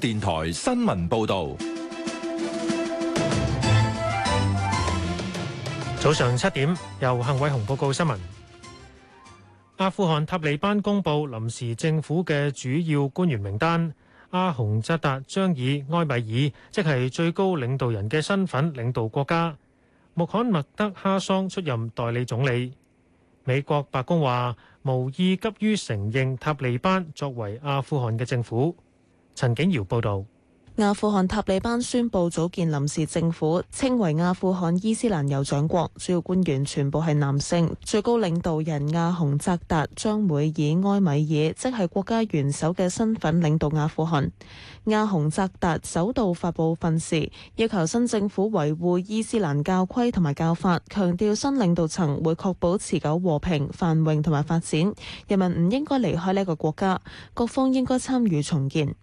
電台新聞報道：早上七點，由幸偉雄報告新聞。阿富汗塔利班公布臨時政府嘅主要官員名單，阿洪扎達將以埃米爾，即係最高領導人嘅身份領導國家。穆罕默德哈桑出任代理總理。美國白宮話，無意急於承認塔利班作為阿富汗嘅政府。陳景堯報道，阿富汗塔利班宣布組建臨時政府，稱為阿富汗伊斯蘭酋長國，主要官員全部係男性。最高領導人亞洪澤達將會以埃米爾，即係國家元首嘅身份領導阿富汗。亞洪澤達首度發布訓示，要求新政府維護伊斯蘭教規同埋教法，強調新領導層會確保持久和平、繁榮同埋發展。人民唔應該離開呢一個國家，各方應該參與重建。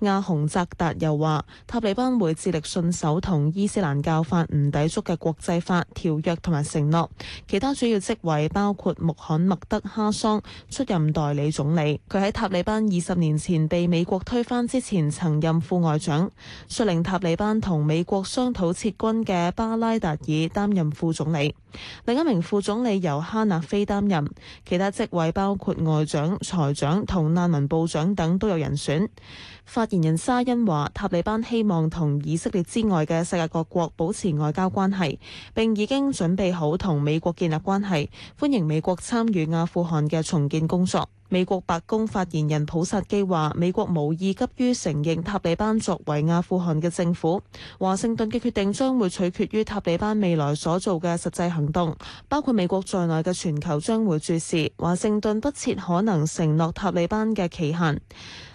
阿洪澤達又話：塔利班會致力信守同伊斯蘭教法唔抵觸嘅國際法條約同埋承諾。其他主要職位包括穆罕默德哈桑出任代理總理，佢喺塔利班二十年前被美國推翻之前曾任副外長。率領塔利班同美國商討撤軍嘅巴拉達爾擔任副總理。另一名副總理由哈納菲擔任。其他職位包括外長、財長同難民部長等都有人選。發言人沙欣話：塔利班希望同以色列之外嘅世界各國保持外交關係，並已經準備好同美國建立關係，歡迎美國參與阿富汗嘅重建工作。美國白宮發言人普薩基話：美國無意急於承認塔利班作為阿富汗嘅政府。華盛頓嘅決定將會取決於塔利班未來所做嘅實際行動，包括美國在內嘅全球將會注視。華盛頓不設可能承諾塔利班嘅期限。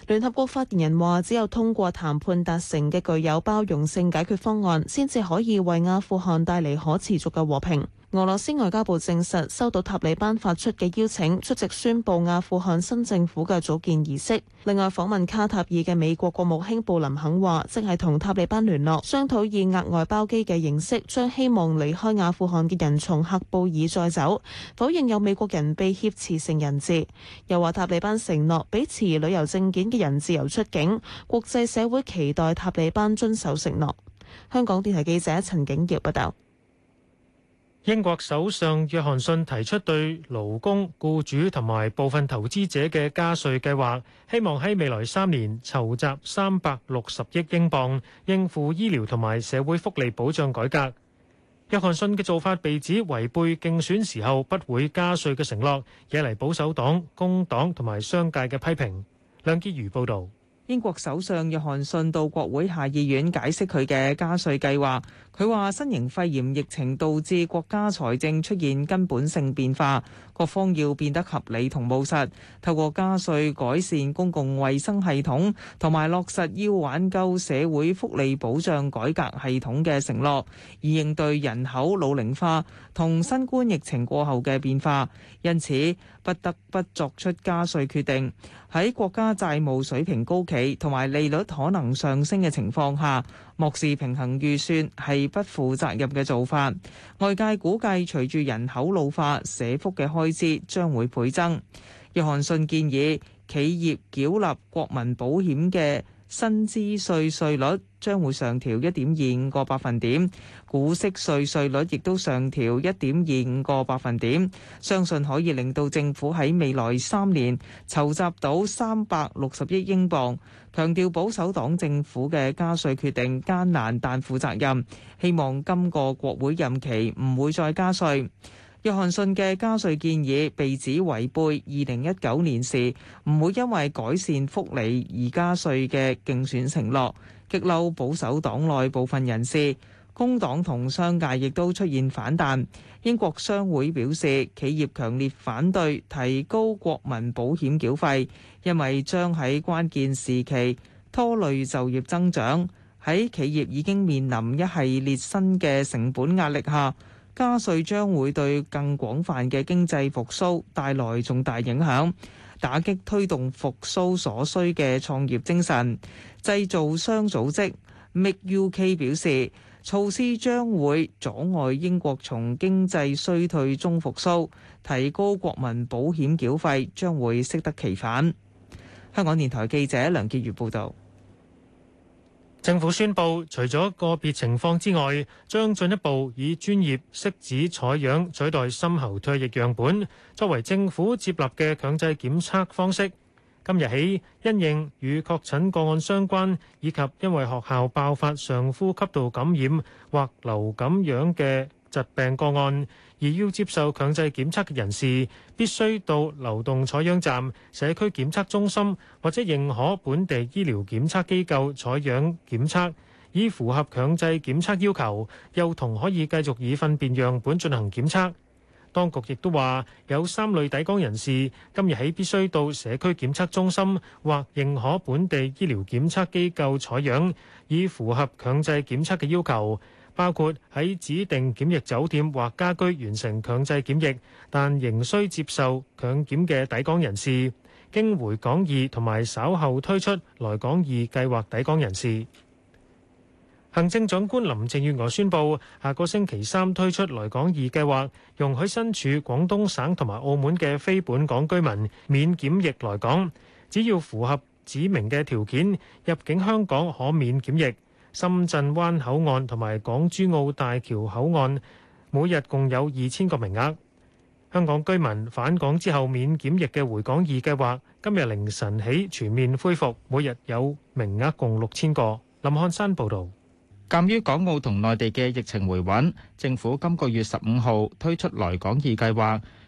聯合國發言人話：只有通過談判達成嘅具有包容性解決方案，先至可以為阿富汗帶嚟可持續嘅和平。俄羅斯外交部證實收到塔利班發出嘅邀請，出席宣佈阿富汗新政府嘅組建儀式。另外，訪問卡塔爾嘅美國國務卿布林肯話，即係同塔利班聯絡，商討以額外包機嘅形式，將希望離開阿富汗嘅人從喀布爾載走。否認有美國人被挾持成人質，又話塔利班承諾俾持旅遊證件嘅人自由出境。國際社會期待塔利班遵守承諾。香港電台記者陳景耀報道。英國首相約翰遜提出對勞工、雇主同埋部分投資者嘅加稅計劃，希望喺未來三年籌集三百六十億英鎊，應付醫療同埋社會福利保障改革。約翰遜嘅做法被指違背競選時候不會加稅嘅承諾，惹嚟保守黨、工黨同埋商界嘅批評。梁潔如報導。英國首相約翰遜到國會下議院解釋佢嘅加稅計劃。佢話：新型肺炎疫情導致國家財政出現根本性變化，各方要變得合理同務實，透過加稅改善公共衛生系統，同埋落實要挽救社會福利保障改革系統嘅承諾，以應對人口老齡化同新冠疫情過後嘅變化。因此，不得不作出加稅決定。喺國家債務水平高企，同埋利率可能上升嘅情況下，漠視平衡預算係不負責任嘅做法。外界估計，隨住人口老化，社福嘅開支將會倍增。約翰遜建議，企業繳納國民保險嘅。薪資稅稅率將會上調一點二五個百分點，股息稅稅率亦都上調一點二五個百分點，相信可以令到政府喺未來三年籌集到三百六十億英鎊。強調保守黨政府嘅加稅決定艱難但負責任，希望今個國會任期唔會再加稅。約翰遜嘅加稅建議被指違背二零一九年時唔會因為改善福利而加稅嘅競選承諾，激嬲保守黨內部分人士。工黨同商界亦都出現反彈，英國商會表示，企業強烈反對提高國民保險繳費，因為將喺關鍵時期拖累就業增長，喺企業已經面臨一系列新嘅成本壓力下。加稅將會對更廣泛嘅經濟復甦帶來重大影響，打擊推動復甦所需嘅創業精神。製造商組織 Make UK 表示，措施將會阻礙英國從經濟衰退中復甦，提高國民保險繳費將會適得其反。香港電台記者梁潔如報導。政府宣布，除咗個別情況之外，將進一步以專業拭子採樣取代深喉唾液樣本，作為政府接納嘅強制檢測方式。今日起，因應與確診個案相關，以及因為學校爆發上呼吸道感染或流感樣嘅疾病個案。而要接受強制檢測嘅人士，必須到流動採樣站、社區檢測中心或者認可本地醫療檢測機構採樣檢測，以符合強制檢測要求，又同可以繼續以糞便樣本進行檢測，當局亦都話有三類抵港人士今日起必須到社區檢測中心或認可本地醫療檢測機構採樣，以符合強制檢測嘅要求。包括喺指定檢疫酒店或家居完成強制檢疫，但仍需接受強檢嘅抵港人士，經回港易同埋稍後推出來港易計劃抵港人士。行政長官林鄭月娥宣布，下個星期三推出來港易計劃，容許身處廣東省同埋澳門嘅非本港居民免檢疫來港，只要符合指明嘅條件，入境香港可免檢疫。深圳灣口岸同埋港珠澳大橋口岸每日共有二千個名額，香港居民返港之後免檢疫嘅回港易計劃今日凌晨起全面恢復，每日有名額共六千個，林漢山報道。鑒於港澳同內地嘅疫情回穩，政府今個月十五號推出來港易計劃。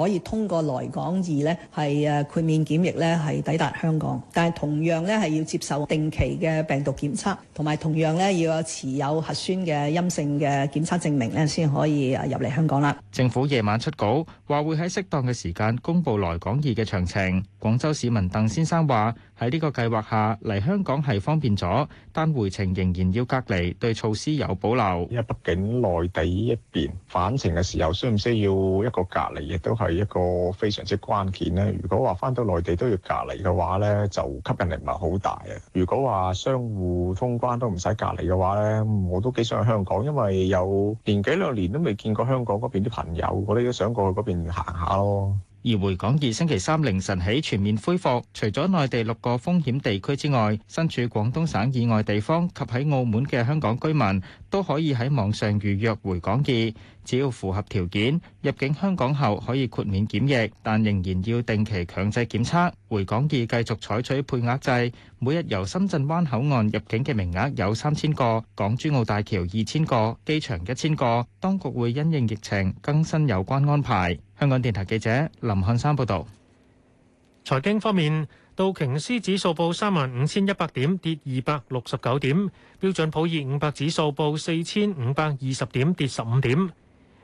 可以通過來港易咧，係誒豁免檢疫咧，係抵達香港。但係同樣咧係要接受定期嘅病毒檢測，同埋同樣咧要有持有核酸嘅陰性嘅檢測證明咧，先可以誒入嚟香港啦。政府夜晚出稿話會喺適當嘅時間公佈來港易嘅詳情。廣州市民鄧先生話：喺呢個計劃下嚟香港係方便咗，但回程仍然要隔離，對措施有保留。因為畢竟內地呢一邊返程嘅時候，需唔需要一個隔離亦都係。係一個非常之關鍵咧。如果話翻到內地都要隔離嘅話咧，就吸引力唔係好大啊。如果話相互通關都唔使隔離嘅話咧，我都幾想去香港，因為有年幾兩年都未見過香港嗰邊啲朋友，我哋都想過去嗰邊行下咯。而回港易星期三凌晨起全面恢復，除咗內地六個風險地區之外，身處廣東省以外地方及喺澳門嘅香港居民都可以喺網上預約回港易，只要符合條件，入境香港後可以豁免檢疫，但仍然要定期強制檢測。回港易繼續採取配額制，每日由深圳灣口岸入境嘅名額有三千個，港珠澳大橋二千個，機場一千個，當局會因應疫情更新有關安排。香港電台記者林漢山報道。財經方面，道瓊斯指數報三萬五千一百點，跌二百六十九點；標準普爾五百指數報四千五百二十點，跌十五點。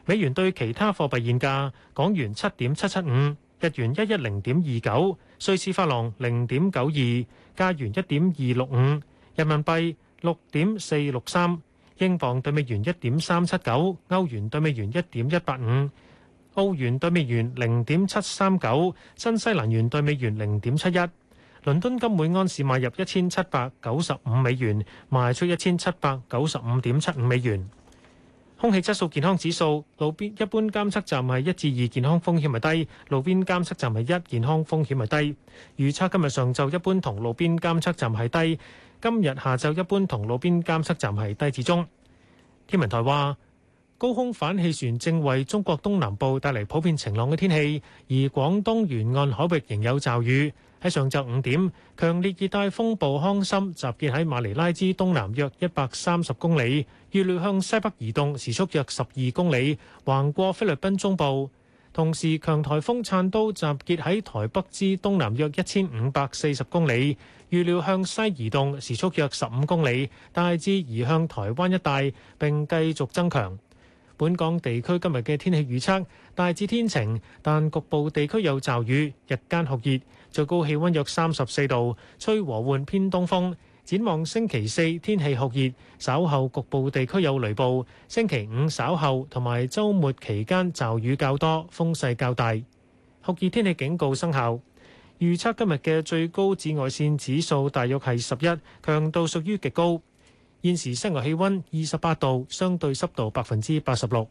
美元兌其他貨幣現價：港元七點七七五，日元一一零點二九，瑞士法郎零點九二，加元一點二六五，人民幣六點四六三，英鎊兌美元一點三七九，歐元兌美元一點一八五。澳元對美元零點七三九，新西蘭元對美元零點七一。倫敦金每安士買入一千七百九十五美元，賣出一千七百九十五點七五美元。空氣質素健康指數，路邊一般監測站係一至二，健康風險係低；路邊監測站係一，健康風險係低。預測今日上晝一般同路邊監測站係低，今日下晝一般同路邊監測站係低至中。天文台話。高空反氣旋正為中國東南部帶嚟普遍晴朗嘅天氣，而廣東沿岸海域仍有驟雨。喺上晝五點，強烈熱帶風暴康森集結喺馬尼拉之東南約一百三十公里，預料向西北移動時速約十二公里，橫過菲律賓中部。同時，強颱風燦都集結喺台北之東南約一千五百四十公里，預料向西移動時速約十五公里，大致移向台灣一帶並繼續增強。本港地區今日嘅天氣預測，大致天晴，但局部地區有驟雨。日間酷熱，最高氣溫約三十四度，吹和緩偏東風。展望星期四，天氣酷熱，稍後局部地區有雷暴。星期五稍後同埋週末期間驟雨較多，風勢較大。酷熱天氣警告生效。預測今日嘅最高紫外線指數大約係十一，強度屬於極高。現時室外氣溫二十八度，相對濕度百分之八十六。